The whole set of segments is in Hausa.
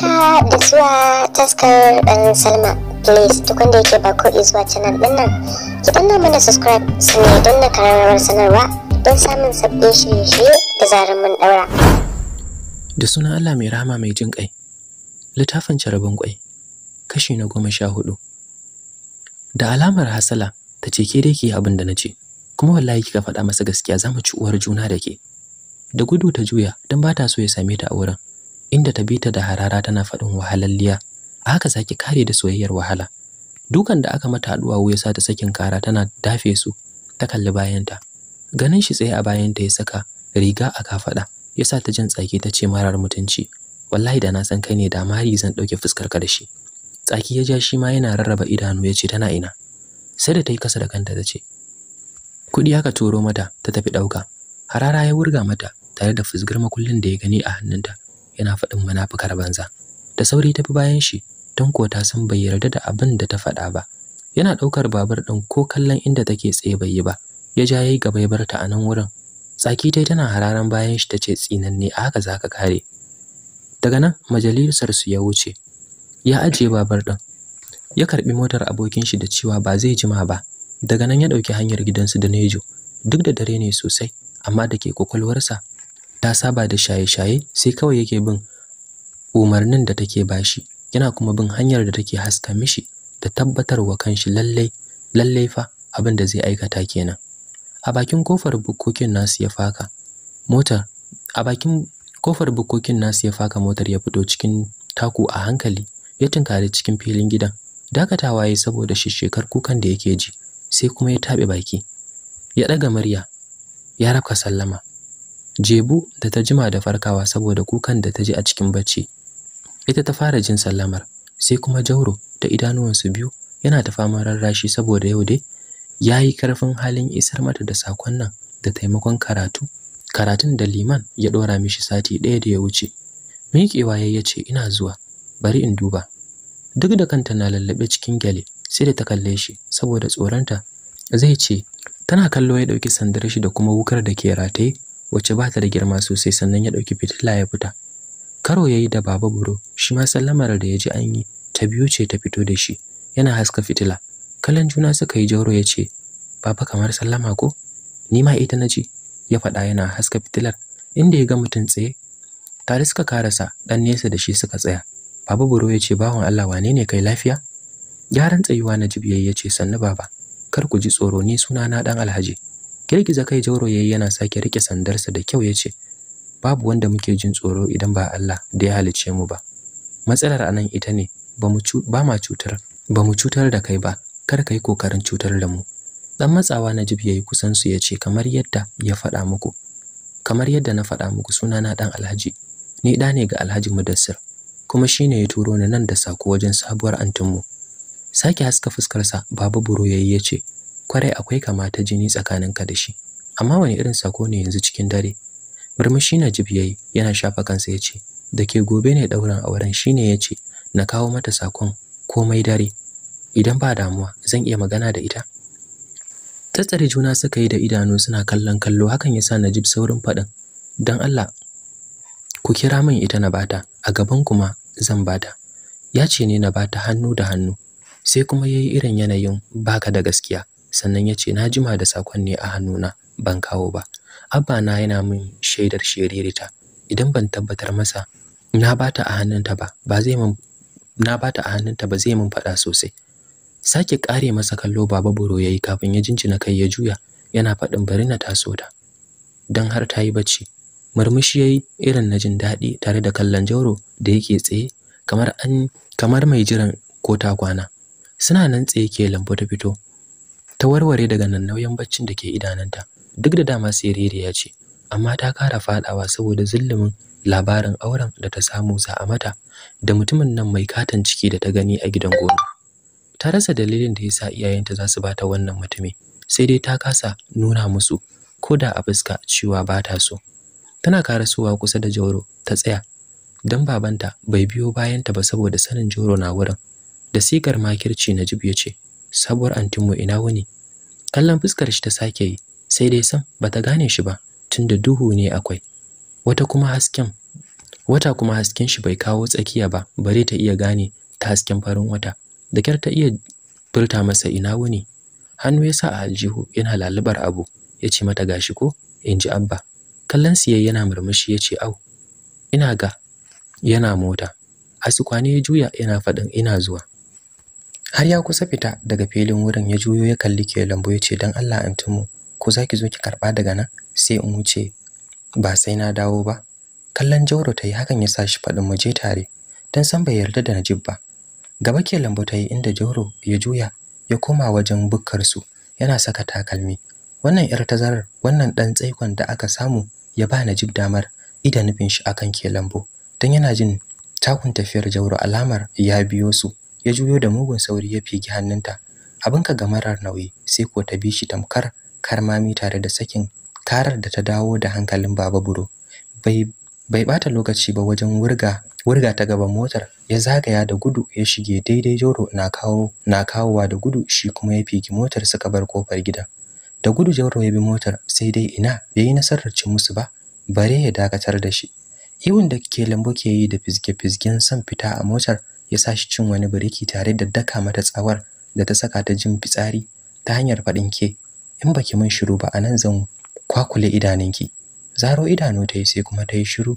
haka da zuwa taskar dan salma please duk wanda yake ba ko zuwa canal din nan ki danna mana subscribe su ne don na kararrawar sanarwa don samun sabbin shirye-shirye da zarar mun daura da sunan allah mai rama mai jin kai littafin carabin kwai kashi na goma sha hudu da alamar hasala ta ce ke dai ki abin da na ce kuma wallahi kika faɗa masa gaskiya za mu ci uwar juna da ke da gudu ta juya don ba ta so ya same ta a wurin inda ta bita da harara tana faɗin wahalalliya a haka zaki kare da soyayyar wahala dukan da aka mata haɗuwa wuya sa ta sakin kara tana dafe su ta kalli bayanta ganin shi tsaye a bayanta ya saka riga a kafaɗa ya sa ta jin tsaki ta ce marar mutunci wallahi da na san kai ne da mari zan ɗauke ka da shi tsaki ya ja shi ma yana rarraba idanu ya ce tana ina sai da ta yi kasa da kanta ta ce kuɗi aka turo mata ta tafi ɗauka harara ya wurga mata tare da fusgar makullin da ya gani a hannunta yana faɗin munafukar banza da sauri tafi bayan shi don ko ta san bai yarda da abin da ta faɗa ba yana ɗaukar babur ɗin ko kallon inda take tsaye bai yi ba ya ja yayi gaba ya barta a nan wurin tsaki tai tana hararan bayan shi tace tsinanne a haka zaka kare daga nan majalisar su ya wuce ya ajiye babur ɗin ya karbi motar abokin shi da cewa ba zai jima ba daga nan ya ɗauki hanyar gidansu da Nejo duk da dare ne sosai amma da ke kwakwalwarsa ta saba da shaye-shaye sai kawai yake bin umarnin da take bashi yana kuma bin hanyar da take haska mishi da tabbatar tabbatarwa kanshi lallai lallai fa abin da zai aikata kenan a bakin kofar bukokin nasu ya faka motar a bakin kofar bukokin nasu ya faka motar ya fito cikin taku a hankali ya tunkari cikin filin gidan dakatawa yayi saboda shekar kukan da yake ji sai kuma ya tabe baki ya ɗaga murya ya rafka sallama Jebu da ta jima da farkawa saboda kukan da ta ji a cikin bacci. Ita ta fara jin sallamar, sai kuma Jauro da idanuwansu biyu yana ta faman rarrashi saboda yau dai ya yi karfin halin isar mata da sakon nan da taimakon karatu. Karatun da Liman ya ɗora mishi sati ɗaya da ya wuce. Miƙewa ya ce ina zuwa, bari in duba. Duk da kanta na lallaɓe cikin gyale sai da ta kalle shi saboda tsoronta zai ce tana kallo ya ɗauki sandar shi da kuma wukar da ke rataye wacce ba ta da girma sosai sannan ya ɗauki fitila ya fita karo ya yi da baba buro shi ma sallamar da ya ji an yi ta biyu ce ta fito da shi yana haska fitila kallon juna suka yi jauro ya ce baba kamar sallama ko ni ma ita na ji ya faɗa yana haska fitilar inda ya ga mutum tsaye tare suka karasa ɗan nesa da shi suka tsaya baba buro ya ce bawan allah wane ne kai lafiya gyaran tsayuwa na jibiyayya ce sannu baba kar ku ji tsoro ni suna na ɗan alhaji girgiza kai jauro yayi yana sake rike sandarsa da kyau yace babu wanda muke jin tsoro idan ba Allah da ya halice mu ba matsalar anan ita ne ba ma cutar ba mu cutar da kai ba kar kai kokarin cutar da mu dan matsawa na Najib yayi kusan su yace kamar yadda ya faɗa muku kamar yadda na faɗa muku na dan Alhaji ni da ne ga Alhaji Mudassir kuma shine ya turo ni nan da sako wajen sabuwar antinmu sake haska fuskarsa babu buro yayi yace kwarai akwai kama ta jini tsakaninka da shi amma wani irin sako ne yanzu cikin dare murmushi na yayi yana shafa kansa yace dake gobe ne dauran auren shine yace na kawo mata sakon komai dare idan ba damuwa zan iya magana da ita tattare juna suka yi da idanu suna kallon kallo hakan yasa Najib saurin faɗin dan Allah ku kira min ita na bata a gaban kuma zan bata ya ce ne na bata hannu da hannu sai kuma yayi irin yanayin baka da gaskiya sannan ya ce na jima da sakon ne a hannuna ban kawo ba abba na yana min shaidar shiririta idan ban tabbatar masa na bata a hannunta ba ba zai min na bata a hannunta ba zai min faɗa sosai sake kare masa kallo baba buro yayi kafin ya jinjina kai ya juya yana faɗin bari na taso da dan har ta yi bacci murmushi yayi irin na jin daɗi tare da kallon jauro da yake tsaye kamar an kamar mai jiran ko ta kwana suna nan tsaye ke lambu ta fito ta warware daga nan nauyin baccin da ke idananta duk da dama ya ce amma ta kara fadawa saboda zullumin labarin auren da ta samu sa a mata da mutumin nan mai katon ciki da ta gani a gidan gona ta rasa dalilin da yasa iyayenta za su bata wannan mutumi sai dai ta kasa nuna musu ko da a fuska cewa ba ta so tana karasowa kusa da joro ta tsaya dan babanta bai biyo bayanta ba saboda sanin joro na wurin da sigar makirci Najib ya ce sabuwar antinmu ina wuni kallon fuskar shi ta sake yi sai dai sam ta gane shi ba tunda duhu ne akwai wata kuma hasken wata kuma hasken shi bai kawo tsakiya ba bare ta iya gane ta hasken farin wata da kyar ta iya furta masa ina wuni hannu ya sa a aljihu yana lalubar abu ya ce mata gashi ko in ji abba kallon siyayya yana murmushi ya ce au ina ga yana mota kwane ya juya yana faɗin ina zuwa har ya kusa fita daga filin wurin ya juyo ya kalli ke lambu ya ce don Allah antumu ko za ki zo ki karɓa daga nan sai in wuce ba sai na dawo ba kallon jauro ta yi hakan ya sa shi faɗin mu je tare don san bai yarda da najib ba gaba ke lambu ta yi inda jauro ya juya ya koma wajen bukkarsu yana saka takalmi wannan yar tazarar wannan ɗan tsaikon da aka samu ya ba najib damar ida nufin shi akan ke lambu don yana jin takun tafiyar jauro alamar ya biyo su ya juyo da mugun sauri ya fige hannunta abin ka gamarar nauyi sai ko ta bi shi tamkar karmami tare da sakin karar da ta dawo da hankalin baba buro bai bai bata lokaci ba wajen wurga wurga ta gaban motar ya zagaya da gudu ya shige daidai joro na kawo na kawowa da gudu shi kuma ya fige motar suka bar kofar gida da gudu joro ya bi motar sai dai ina bai yi nasarar cin musu ba bare ya dakatar da shi iwon da ke lambo ke yi da fizge-fizgen son fita a motar ya sa shi cin wani biriki tare da daka mata tsawar da ta saka ta jin fitsari ta hanyar faɗin ke in baki mun shiru ba a nan zan kwakule idanunki zaro idanu ta yi sai kuma ta yi shiru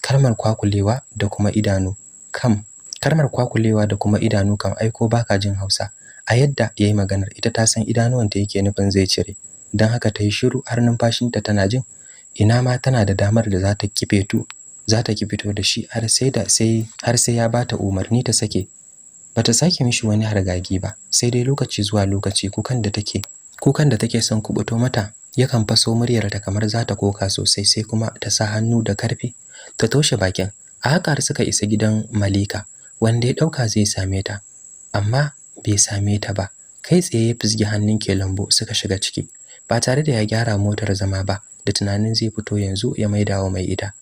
kalmar kwakulewa da kuma idanu kam kalmar kwakulewa da kuma idanu kam aiko baka jin Hausa a yadda ya yi maganar ita ta san ta yake nufin zai cire don haka ta yi shiru har numfashinta tana jin ina ma tana da damar da za ta kife tu za ta ki fito da shi har sai da sai har sai ya bata umarni ta sake bata sake mishi wani hargagi ba sai dai lokaci zuwa lokaci kukan da take kukan da take son kubuto mata yakan faso muryar ta kamar za ta koka sosai sai kuma ta sa hannu da karfi ta toshe bakin a haka suka isa gidan Malika wanda ya dauka zai same ta amma bai same ta ba kai tsaye ya fisgi hannun ke lambu suka shiga ciki ba tare da ya gyara motar zama ba da tunanin zai fito yanzu ya maida wa mai ita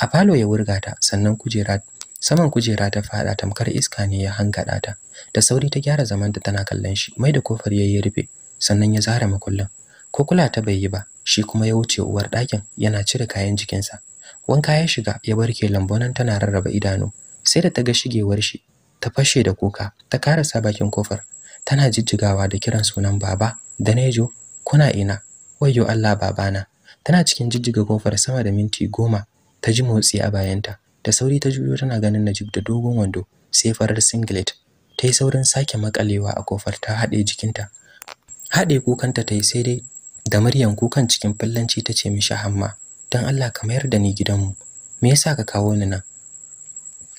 a falo ya wurga ta sannan kujera saman kujera ta fada tamkar iska ne ya hangada ta da sauri ta gyara zaman ta tana kallon shi mai da kofar ya yi rufe sannan ya zara makullin ko kula ta bai yi ba shi kuma ya wuce uwar ɗakin yana cire kayan jikinsa wanka ya shiga ya barke lambonan tana rarraba idanu sai da ta ga shigewar shi ta fashe da kuka ta karasa bakin kofar tana jijjigawa da kiran sunan baba da nejo kuna ina wayyo Allah babana tana cikin jijjiga kofar sama da minti goma ta ji motsi a bayanta da sauri ta juyo tana ganin Najib da dogon wando sai farar singlet ta yi saurin sake makalewa a kofar ta haɗe jikinta haɗe kukanta ta yi sai dai da muryan kukan cikin fallanci ta ce mishi hamma don Allah ka mayar da ni gidanmu me yasa ka kawo ni nan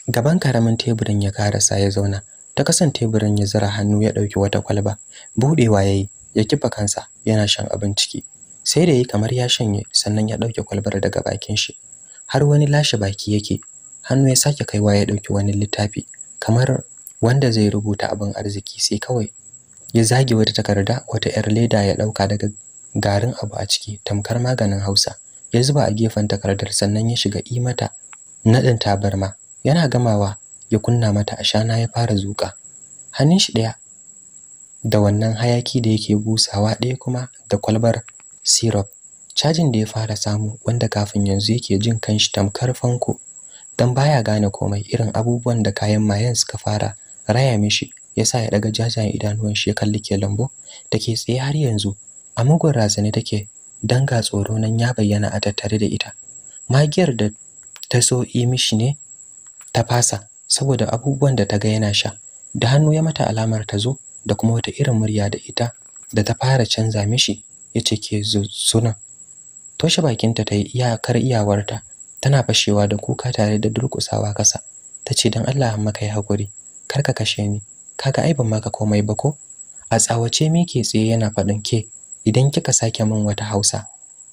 gaban karamin teburin ya karasa ya zauna ta kasan teburin ya zara hannu ya ɗauki wata kwalba buɗewa ya yi ya kifa kansa yana shan abin ciki sai da yi kamar ya shanye sannan ya ɗauke kwalbar daga bakin shi har wani lashe baki yake hannu ya sake kaiwa ya ɗauki wani littafi kamar wanda zai rubuta abin arziki sai kawai ya zage wata takarda wata 'yar leda ya ɗauka daga garin abu a ciki tamkar maganin hausa ya zuba a gefen takardar sannan ya shiga i mata naɗin tabarma yana gamawa ya kunna mata ashana ya fara zuƙa hannun shi ɗaya da wannan hayaki da yake busawa ɗaya kuma da kwalbar syrup cajin da ya fara samu wanda kafin yanzu yake jin kanshi tamkar fanko dan baya gane komai irin abubuwan da kayan mayen suka fara raya mishi yasa ya daga jajayen idanuwan shi ya kalli ke lambo take tsaye har yanzu a mugun razane take danga tsoro nan ya bayyana a tattare da ita magiyar da ta so yi mishi ne ta fasa saboda abubuwan da ta ga yana sha da hannu ya mata alamar ta zo da kuma wata irin murya da ita da ta fara canza mishi ya ce ke zo toshe bakinta ta yi iyakar iyawarta tana fashewa da kuka tare da durƙusawa kasa ta ce don Allah amma kai hakuri kar ka kashe ni kaga ai ban maka komai ba ko a tsawace me ke tsaye yana faɗin ke idan kika sake min wata Hausa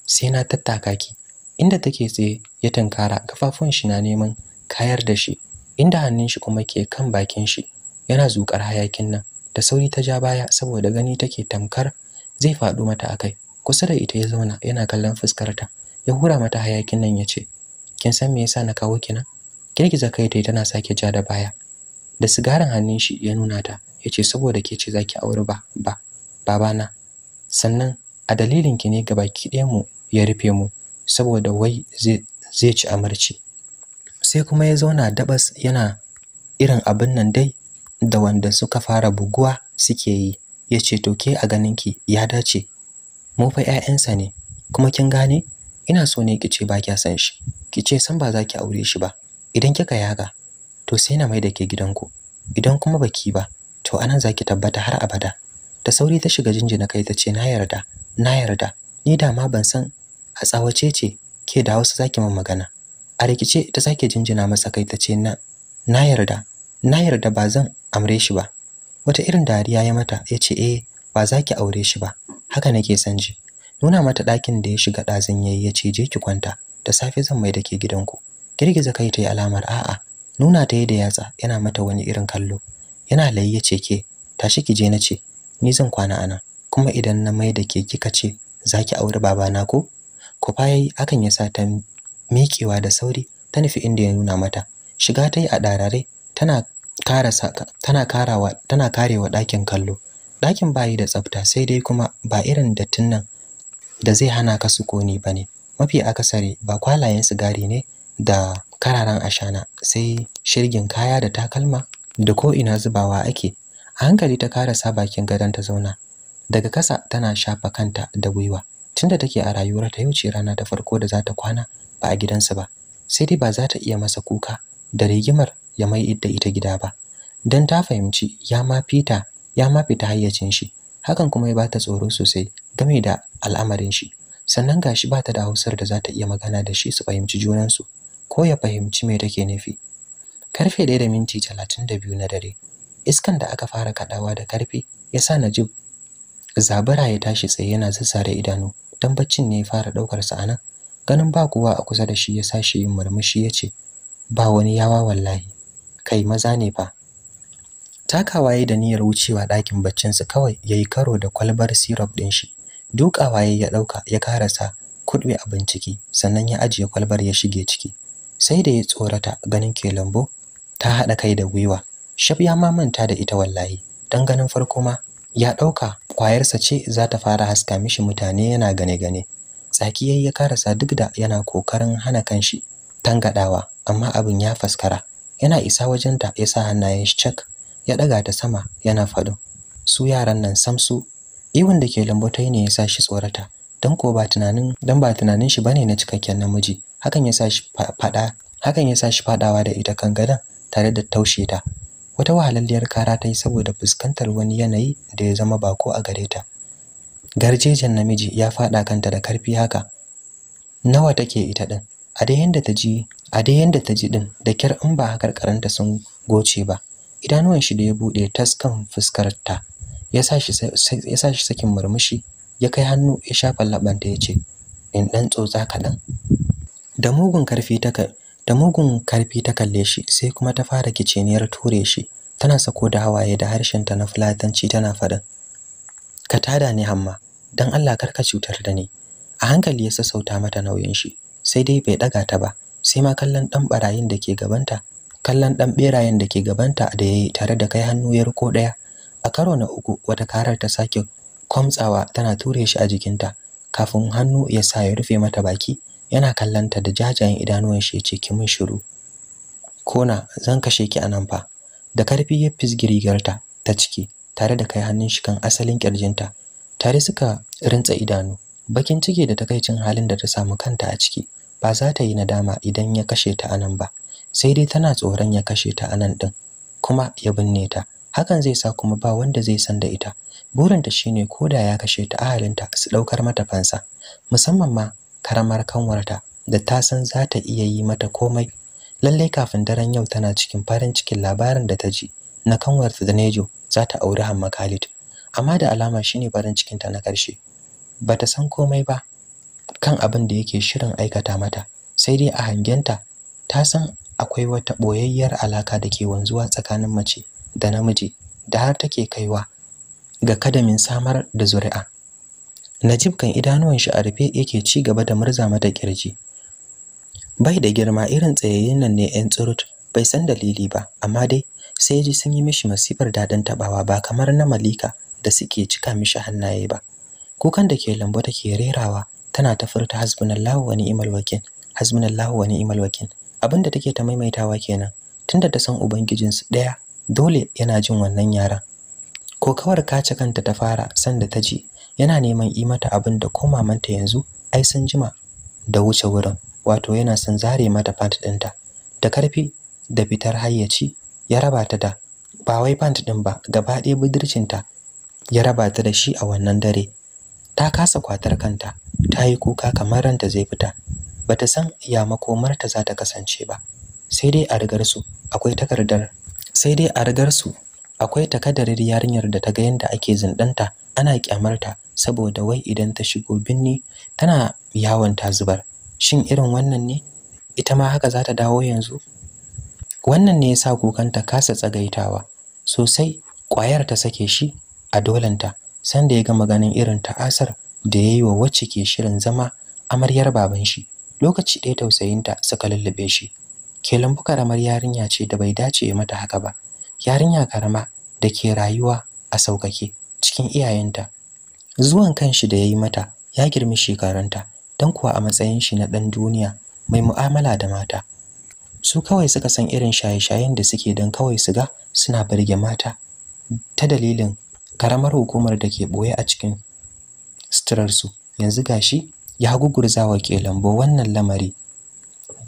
sai na tattaka ki inda take tsaye ya tunkara kafafun shi na neman kayar da shi inda hannun shi kuma ke kan bakin shi yana zukar hayakin nan da sauri ta ja baya saboda gani take tamkar zai faɗo mata akai kusa da ita ya zauna yana kallon fuskarta ya hura mata hayakin nan ya ce kin san me yasa na kawo ki nan girgiza kai ta tana sake ja da baya da sigarin hannun shi ya nuna ta ya ce saboda ke ce zaki aure ba ba babana sannan a dalilin ki ne gabaki ɗaya mu ya rufe mu saboda wai zai ci amarci sai kuma ya zauna dabas yana irin abin nan dai da wanda suka fara buguwa suke yi yace ce to ke a ganinki ya dace mu fa ƴaƴansa ne kuma kin gane ina so ne kice ba kya san shi ce san ba za ki aure shi ba idan kika yaga to sai na mai da ke gidanku idan kuma baki ba to anan zaki tabbata har abada da sauri ta shiga jinjina kai ta ce na yarda na yarda ni da ma ban san a tsawace ce ke da Hausa zaki min magana a rikice ta sake jinjina masa kai ta ce na na yarda na yarda ba zan amre shi ba wata irin dariya ya mata ya ce eh ba za aure shi ba haka nake son ji nuna mata ɗakin da ya shiga ɗazin yayi ya ce je ki kwanta da safe zan mai da ke gidanku girgiza kai ta yi alamar a'a nuna ta yi da yatsa yana mata wani irin kallo yana layi ya ce ke tashi ki je na ce ni zan kwana a nan kuma idan na mai da ke kika ce za ki auri babana ko ku fa yayi akan ya sa ta miƙewa da sauri ta nufi inda ya nuna mata shiga ta yi a ɗarare tana karasa tana karawa tana karewa ɗakin kallo ɗakin bayi da tsafta sai dai kuma ba irin dattin nan da zai hana ka su koni ba ne mafi akasari ba kwalayen sigari ne da kararan ashana sai shirgin kaya da takalma da ko ina zubawa ake a hankali ta karasa bakin gadon ta zauna daga kasa tana shafa kanta da gwiwa tunda take a rayuwar ta yauce rana ta farko da za ta kwana ba a gidansa ba sai dai ba za ta iya masa kuka da rigimar ya mai idda ita gida ba don ta fahimci ya ma fita ya ma fita hayyacin shi hakan kuma ya ba ta tsoro sosai game da al'amarin shi sannan gashi ta da hausar da za ta iya magana da shi su fahimci junansu ko ya fahimci me take nufi karfe ɗaya da minti talatin da biyu na dare iskan da aka fara kaɗawa da karfi ya sa najib zabara ya tashi tsaye yana zazzare idanu don baccin ne ya fara ɗaukar sa anan ganin ba kowa a kusa da shi ya sashi yin murmushi ya ce ba wani yawa wallahi kai maza ne fa takawa ya da niyyar wucewa ɗakin baccinsa kawai ya yi karo da kwalbar syrup ɗin shi Duka waye ya ɗauka ya karasa kuɗi a binciki sannan ya ajiye kwalbar ya shige ciki sai da ya tsorata ganin ke lambo ta haɗa kai da gwiwa shaf ya ma manta da ita wallahi dan ganin farko ma ya ɗauka kwayarsa ce za ta fara haska mishi mutane yana gane-gane tsaki yayi ya karasa duk da yana kokarin hana kanshi tangaɗawa amma abin ya faskara yana isa wajenta ya sa hannayen shi cak ya ɗaga ta sama yana faɗin su yaran nan samsu iwon da ke lambotai ne ya sa shi tsorata don ko ba tunanin don ba tunanin shi bane na cikakken namiji hakan ya sa shi fada hakan ya sa shi fadawa da ita kan gadan tare da taushe ta wata wahalalliyar kara ta yi saboda fuskantar wani yanayi da ya zama bako a gare ta garjejen namiji ya faɗa kanta da karfi haka nawa take ita din a dai yanda ta ji a dai yanda ta ji din da kyar in ba hakar karanta sun goce ba idanuwan shi da ya buɗe taskan fuskar ta ya sa shi sakin murmushi ya kai hannu ya shafa labanta ya ce in ɗan tsotsa kaɗan da mugun karfi ta da mugun karfi ta kalle shi sai kuma ta fara kiceniyar ture shi tana sako da hawaye da harshen ta na fulatanci tana faɗin ka tada ni hamma dan Allah kar ka cutar da ni a hankali ya sassauta mata nauyin shi sai dai bai daga ta ba sai ma kallon dan barayin da ke gabanta kallon ɗan ɓerayen da ke gabanta da ya yi tare da kai hannu ya riko ɗaya a karo na uku wata karar ta sake kwamtsawa tana ture shi a jikinta kafin hannu ya sa ya rufe mata baki yana kallonta da jajayen idanuwan shi ya ce ki min shiru kona zan kashe ki anan fa da karfi ya rigarta ta ciki tare da kai hannun shi kan asalin kirjinta tare suka rintsa idanu bakin ciki da takaicin halin da ta samu kanta a ciki ba za ta yi nadama idan ya kashe ta anan ba sai dai tana tsoron ya kashe ta anan din kuma ya binne ta hakan zai sa kuma ba wanda zai san da ita burinta shine koda ya kashe ta ahalinta su daukar mata fansa musamman ma karamar kanwarta da ta san za ta iya yi mata komai lalle kafin daren yau tana cikin farin cikin labarin da ta ji na kanwarta da Nejo za ta auri Hamma Khalid amma da alama shine farin cikin ta na karshe bata san komai ba kan abin da yake shirin aikata mata sai dai a hangenta ta san akwai wata ɓoyayyar alaka da ke wanzuwa tsakanin mace da namiji da har take kaiwa ga kadamin samar da zuri'a Najib kan idanuwan shi a rufe yake ci gaba da murza mata kirji bai da girma irin tsayayyen nan ne yan tsurut bai san dalili ba amma dai sai ji sun yi mishi masifar daɗin taɓawa ba kamar na malika da suke cika mishi hannaye ba kukan da ke lambu take rerawa tana ta furta hasbunallahu wa ni'mal wakil hasbunallahu wa ni'mal wakil abin da take ta maimaitawa kenan tunda ta san ubangijin su ɗaya dole yana jin wannan yaran ko kawar kace kanta ta fara sanda ta ji yana neman yi mata abin da ko mamanta yanzu ai sun jima da wuce wurin wato yana son zare mata pant ɗinta da karfi da fitar hayyaci ya raba ta da ba wai pant ɗin ba gaba ɗaya budurcinta ya raba ta da shi a wannan dare ta kasa kwatar kanta ta yi kuka kamar ranta zai fita bata san ya makomarta za ta kasance ba sai dai a rigar su akwai takardar sai dai a rigar su akwai takardar yarinyar da ta ga yanda ake zindanta ana kyamarta saboda wai idan ta shigo binni tana yawon ta zubar shin irin wannan ne ita ma haka za ta dawo yanzu wannan ne yasa ta kasa tsagaitawa sosai ƙwayar ta sake shi a dolanta sanda ya gama ganin irin ta'asar da yayi wa wacce ke shirin zama amaryar baban shi lokaci ɗaya tausayinta suka lullube shi ke lambu karamar yarinya ce da bai dace mata haka ba yarinya karama da ke rayuwa a sauƙaƙe cikin iyayenta zuwan kanshi da ya yi mata ya girmi shekarunta don kuwa a matsayin shi na ɗan duniya mai mu'amala da mata su kawai suka san irin shaye-shayen da suke don kawai su ga suna birge mata ta dalilin karamar hukumar da ke ɓoye a cikin suturarsu yanzu gashi ya gugurza wa ke lambo wannan lamari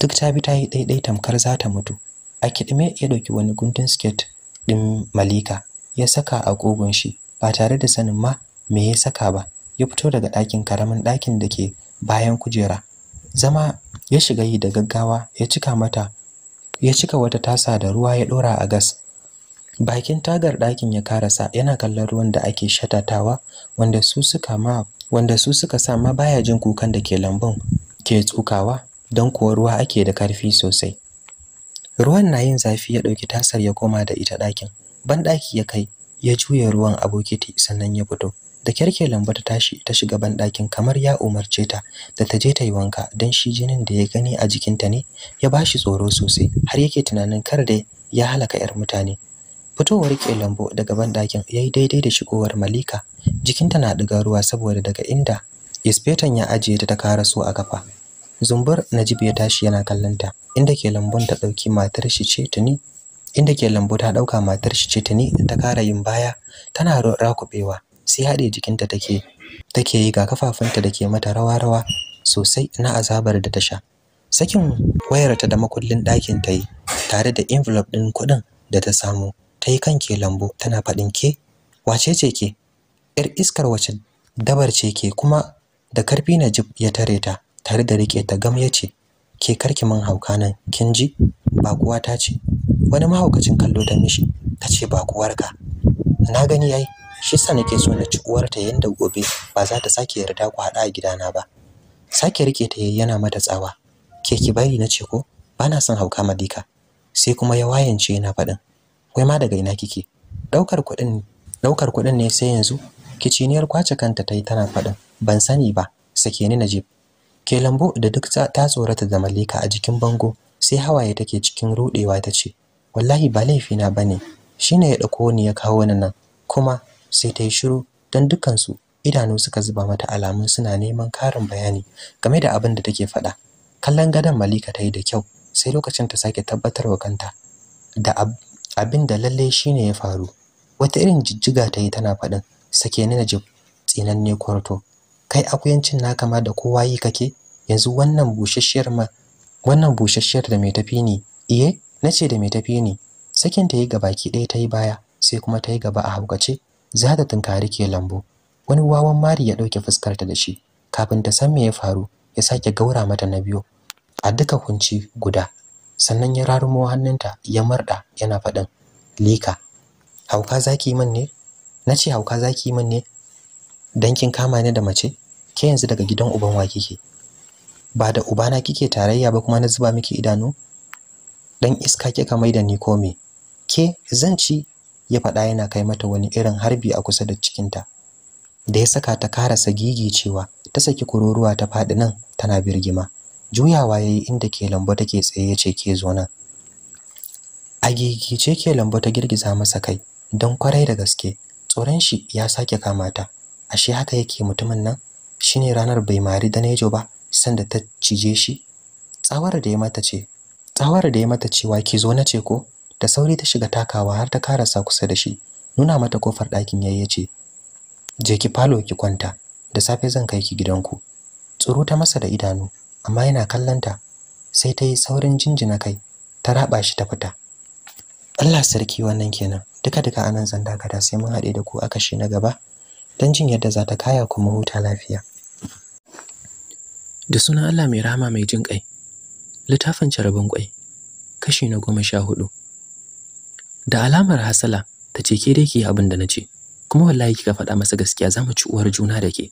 duk ta bi ta yi daidai tamkar za ta mutu a kidime ya ɗauki wani guntun skirt din malika ya saka a kogon shi ba tare da sanin ma me ya saka ba ya fito daga ɗakin karamin ɗakin da ke bayan kujera zama ya shiga yi da gaggawa ya cika mata ya cika wata tasa da ruwa ya ɗora a gas bakin tagar ɗakin ya karasa yana kallon ruwan da ake shatatawa wanda su suka ma wanda su suka sa ma baya jin kukan da ke lambun ke tsukawa don kuwa ruwa ake da karfi sosai ruwan na yin zafi ya ɗauki tasar ya koma da ita ɗakin banɗaki ya kai ya juya ruwan abokiti sannan ya fito da kyarke lambu ta tashi ta shiga banɗakin kamar ya umarce ta da ta je ta yi wanka don shi jinin da ya gani a jikinta ne ya ba shi tsoro sosai har yake tunanin kar da ya halaka 'yar mutane Fitowar Lambo daga banɗakin ya yi daidai da shigowar Malika. Jikinta na ɗiga ruwa saboda daga inda ispetan ya ajiye ta ta so a kafa. Zumbur Najib ya tashi yana kallonta, inda ke ta ɗauki matar shi ce tuni inda ke lambu ta ɗauka matar shi ce tuni ta kara yin baya tana rakuɓewa sai haɗe jikinta take take yi ga kafafunta da ke mata rawa-rawa sosai na azabar da ta sha. Sakin wayarta da makullin ɗakin ta yi tare da envelope ɗin kuɗin da ta samu ta yi kan ke lambu tana faɗin ke wace ce ke yar iskar wacin. dabar ce ke kuma da karfi najib ya tare ta tare da riƙe ta gam ya ce ke karki man hauka nan kin ji ba ta ce wani mahaukacin kallo da mishi ta ce ba kuwarka na gani yayi shi sa nake so na ci uwarta yanda gobe ba za ta sake yarda ku haɗa a gidana ba sake rike ta yayi yana mata tsawa ke ki bari na ce ko bana son hauka madika sai kuma ya wayance yana faɗin kai ma daga ina kike daukar kuɗin daukar kuɗin ne sai yanzu kiciniyar kwace kanta tai tana faɗin ban sani ba sake ni najib ke lambo da duk ta tsorata da malika a jikin bango sai hawaye take cikin rudewa ta ce wallahi ba laifina bane shine ya dauko ni ya kawo ni nan kuma sai ta yi shiru don dukansu idanu suka zuba mata alamun suna neman karin bayani game da abin da take faɗa kallon gadon malika ta yi da kyau sai lokacin ta sake tabbatarwa kanta da abin da lalle shine ya faru wata irin jijjiga ta yi tana faɗin sake ni najib tsinanne kwarto kai akuyancin na kama da kowa yi kake yanzu wannan bushasshiyar da mai tafi ne iye na ce da mai tafi ne sakin ta yi gabaki ɗaya ta yi baya sai kuma ta yi gaba a haukace za ta tunkari ke lambu wani wawan mari ya ɗauke fuskarta da shi kafin ta san me ya faru ya sake gaura mata na biyu a duka kunci guda sannan ya rarumo hannunta ya murda yana faɗin lika hauka zaki min ne na ce hauka zaki min ne dan kin kama ni da mace ke yanzu daga gidan uban wa kike ba da ubana kike tarayya ba kuma na zuba miki idanu dan iska kika mai da ni ko me ke zan ci ya faɗa yana kai mata wani irin harbi a kusa da cikinta da ya saka ta karasa gigi cewa ta saki kururuwa ta faɗi nan tana birgima juyawa ya yi inda ke lambo take tsaye ya ce ke zo nan a gigice ke lambo ta girgiza masa kai don kwarai da gaske tsoron shi ya sake kamata ashe haka yake mutumin nan shine ranar bai mari da nejo ba sanda ta cije shi tsawar da ya mata ce tsawar da ya mata cewa ki zo na ce ko da sauri ta shiga takawa har ta karasa kusa da shi nuna mata kofar ɗakin yayi ce je ki falo ki kwanta da safe zan kai ki gidanku tsoro ta masa da idanu amma yana kallonta sai ta yi saurin jinjina kai ta raba shi ta fita Allah sarki wannan kenan duka duka anan zan dakata sai mun haɗe da ku a kashi na gaba dan jin yadda za ta kaya kuma huta lafiya da sunan Allah mai rahama mai jin kai littafin carabin kwai kashi na goma sha hudu da alamar hasala ta ce ke dai ki abin da na ce kuma wallahi kika faɗa masa gaskiya za mu ci uwar juna da ke